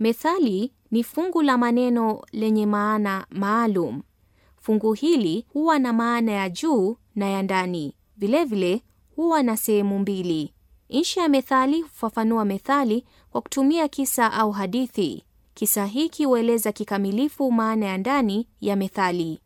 Methali ni fungu la maneno lenye maana maalum. Fungu hili huwa na maana ya juu na ya ndani, vilevile huwa na sehemu mbili. Insha ya methali hufafanua methali kwa kutumia kisa au hadithi. Kisa hiki hueleza kikamilifu maana ya ndani ya methali.